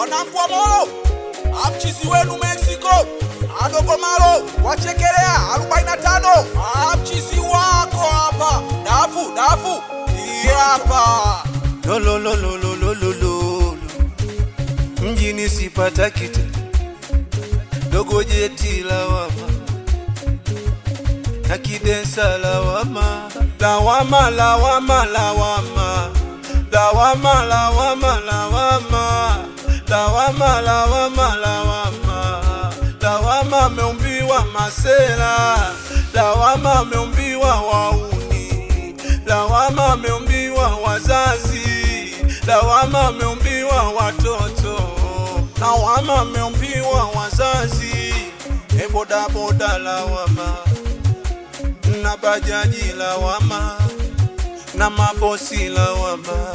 wanamvua molo amchizi wenu Mexico adogo adogomalo wachekelea arobaini na tano amchizi wako hapa dafu dafu hapa lolololololololo mjini sipata kita dogo jeti lawama na kidensa lawama lawama lawama lawama lawama lawama lawama lawama, lawama, lawama, lawama ameumbiwa masela, lawama ameumbiwa wauni, lawama ameumbiwa wazazi, lawama ameumbiwa watoto, lawama ameumbiwa wazazi, e lawama, na bajaji lawama, na mabosi lawama,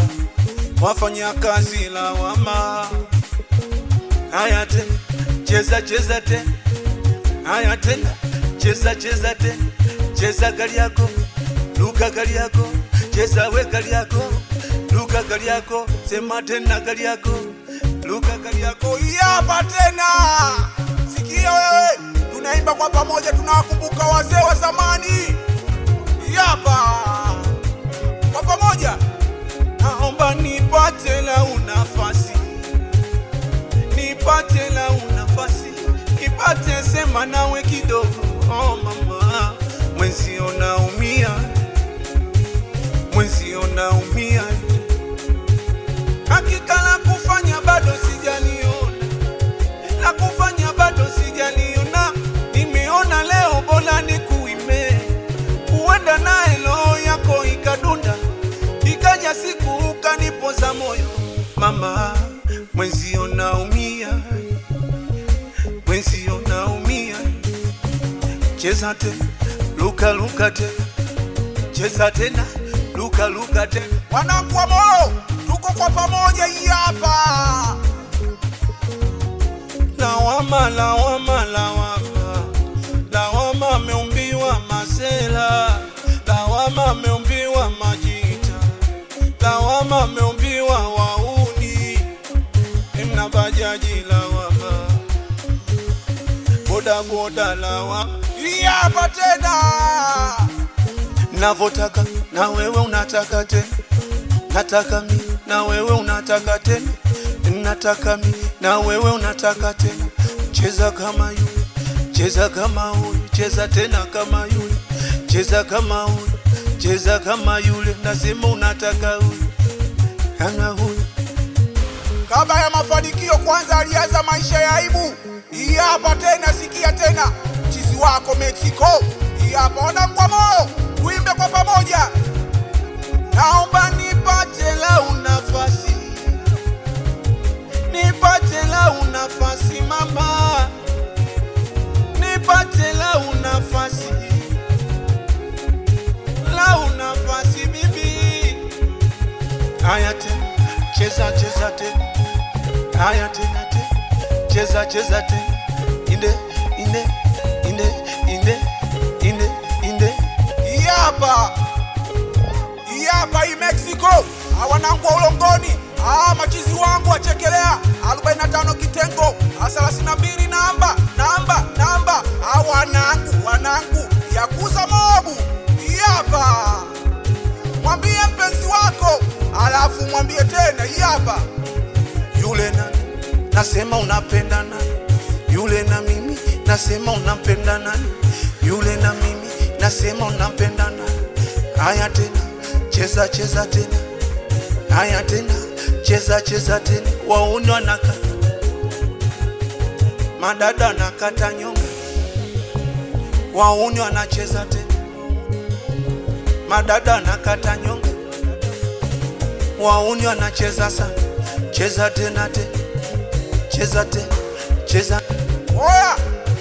wafanyakazi lawama aya tena cheza cheza tena, haya tena cheza cheza tena, cheza gari yako, luka gari yako, cheza we gari yako, luka gari yako, sema tena gari yako, luka gari yako, hapa tena. Sikia wewe, tunaimba kwa pamoja, tunawakumbuka wazee man, I wake cheza te luka luka te cheza tena luka luka te. Wanangu wa Moyo, tuko kwa pamoja hii hapa. Lawama lawama kuota lawa hapa tena, navotaka na wewe unataka tena, nataka mi na wewe unataka tena, nataka mi na wewe unataka tena. Cheza kama yule, cheza kama huyu, cheza tena kama yule, cheza kama huyu, cheza kama yule, nasema unataka huyu ana huyu Kabla ya mafanikio kwanza alianza maisha ya aibu. Hii hapa tena, sikia tena, chizi wako Mexico. Hii hapa ona kwa moyo, tuimbe kwa pamoja. Naomba nipate lau nafasi, nipate lau nafasi mama, nipate lau nafasi, lau nafasi bibi. Aya tena, cheza cheza tena haya tena tena, cheza cheza tena, inde inde inde inde inde inde yapa yapa i Mexico, awanangu wa ulongoni, ah, machizi wangu wachekelea 45 kitengo 32 namba namba namba, awanangu ah, wanangu yakuza mobu iyapa mwambie mpenzi wako alafu mwambie tena iyapa nasema unapenda nani? Yule na mimi nasema unapenda nani? Yule na mimi nasema unapenda nani? Haya tena cheza cheza tena, haya tena cheza cheza tena, wauni wanakata madada nakata nyonga, wauni wanacheza tena, madada nakata nyonga, wauni wanacheza sana, cheza tena tena cheza te, cheza. Oya,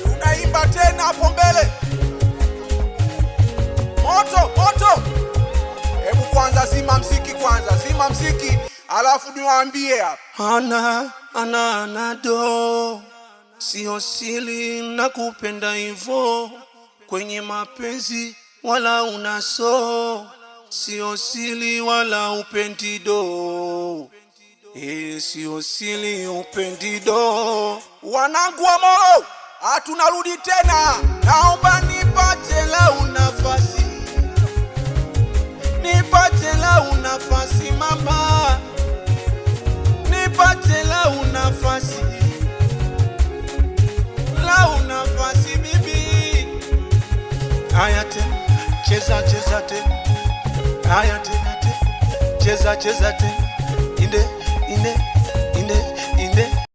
unaimba tena hapo mbele. Moto moto, hebu kwanza zima mziki, kwanza zima mziki, alafu niwaambie hapa. Ana ana anado, sio siri nakupenda hivyo kwenye mapenzi, wala unaso, sio siri wala upendido Yesu osili upendido wanangu wa moyo, hatunarudi tena, naomba nipate lau nafasi, nipate lau nafasi mama, nipate lau nafasi, lau nafasi bibi. Aya tena cheza cheza tena, aya tena cheza cheza tena